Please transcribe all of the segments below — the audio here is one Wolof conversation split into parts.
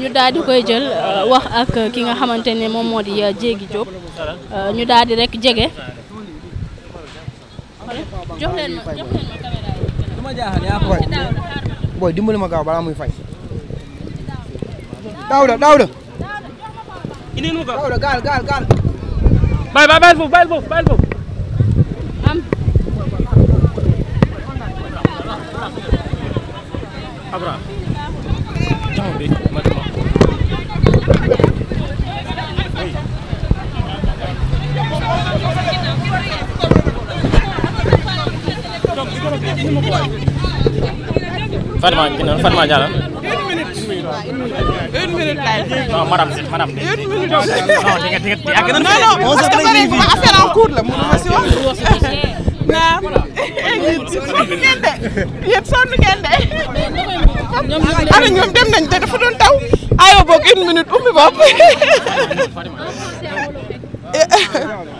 ñu daal koy jël euh, wax ak ki nga xamante ne moom moo di euh, Diégui Diop euh, ñu daal di rek jege. jox leen ma booy dimbali ma gaaw balaa muy fay. Daouda Daouda. Fatma gënoon Fatma Diallo. une minute. une minute laay def. non madame madame. une minute. non di nga di nga yàgg na. non non parce que bëri na affaire en cours la mënu ma si wax. naam. sonn ngeen de. yéen sonn ngeen de. ana ñoom dem nañ te dafa doon taw. aywa boog une minute ubbi bopp.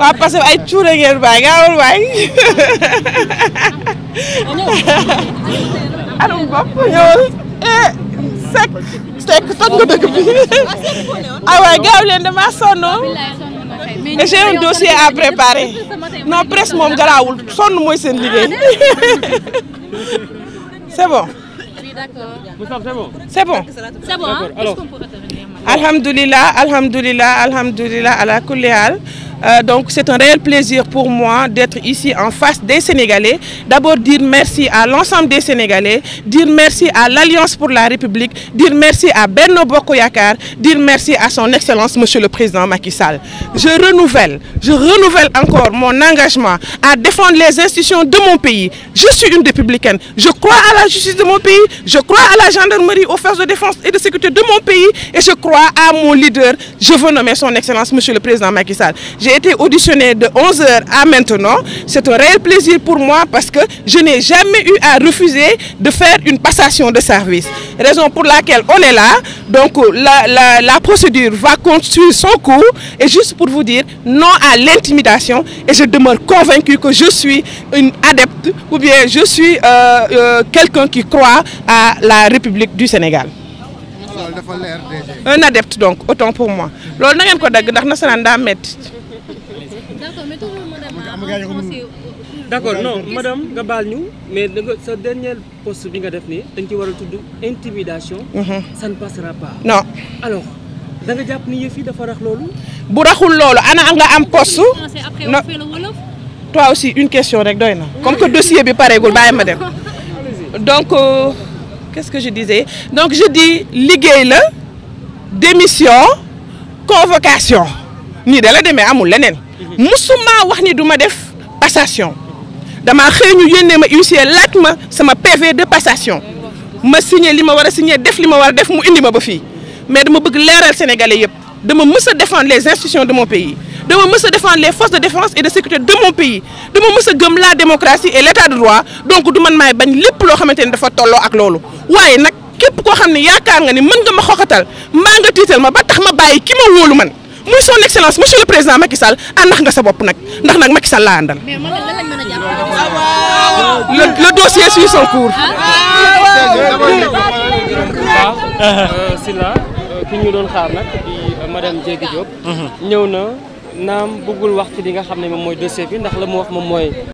waaw parce que ay cuure ngeen bàyyi gaawal waay arum bopp ñëwal eh sek sek toj nga dëkk bi ah waay gaaw leen dama sonn et j'ai un dossier à non presse moom garaawul sonn mooy seen liggéey c'est bon c'est bon c'est bon alhamdulilah haal Euh, donc c'est un réel plaisir pour moi d'être ici en face des Sénégalais. D'abord dire merci à l'ensemble des Sénégalais, dire merci à l'Alliance pour la République, dire merci à Benno Bokk Yakaar, dire merci à son excellence monsieur le président Macky Sall. Je renouvelle, je encore mon engagement à défendre les institutions de mon pays. Je suis une républicaine. Je crois à la justice de mon pays, je crois à la gendarmerie, aux forces de défense et de sécurité de mon pays et je crois à mon leader. j'ai été auditionnée de 11h à maintenant. C'est un réel plaisir pour moi parce que je n'ai jamais eu à refuser de faire une passation de service. Raison pour laquelle on est là. Donc la, la, la procédure va construire son cours. Et juste pour vous dire, non à l'intimidation. Et je demeure convaincue que je suis une adepte ou bien je suis euh, euh, quelqu'un qui croit à la République du Sénégal. un adepte donc autant pour moi loolu na ndax nasaraan d' accord non madame nga baal ñu mais da nga sa dernier poste bi nga def nii dañ ci war a tudd intimidation. Mhm. ça ne passera pas. non alors da nga jàpp ni yëf dafa rax loolu. bu raxul loolu ana nga am poste. no toi aussi une question rek doy na. comme que dossier bi pareegul bàyyi ma dem. donc euh, qu'est-ce que je disais donc je dis liggéey la démission convocation nii dala la demee amul leneen. musuma wax ni duma def passation damaa xëy ñu yónnee ma huissier laaj ma sama PV de passation ma signé li ma war a signé def li ma war def mu indi ma ba fii mais dama bëgg leeral sénégalais yëpp dama mës a défendre les institutions de mon pays dama mës a défendre les forces de défense et de sécurité de mon pays dama mës a gëm la démocratie et l'état de droit donc du man maay bañ lépp loo xamante ni dafa tolloo ak loolu waaye nag képp koo xam ne yaakaar nga ni mën nga ma xoxatal mbaa nga tiital ma ba tax ma bàyyi ki ma wóolu man muy son excellence monsieur le président Macky Sall ah ndax nga sa bopp nag ndax nag Macky Sall laa àndal. mais man lan lañ le dossier suit son cours. waaw ki ñu doon xaar nag di madame Diégui Diop. ñëw na naam bëggul wax ci li nga xam ne moom mooy dossier bi ndax la mu wax moom mooy.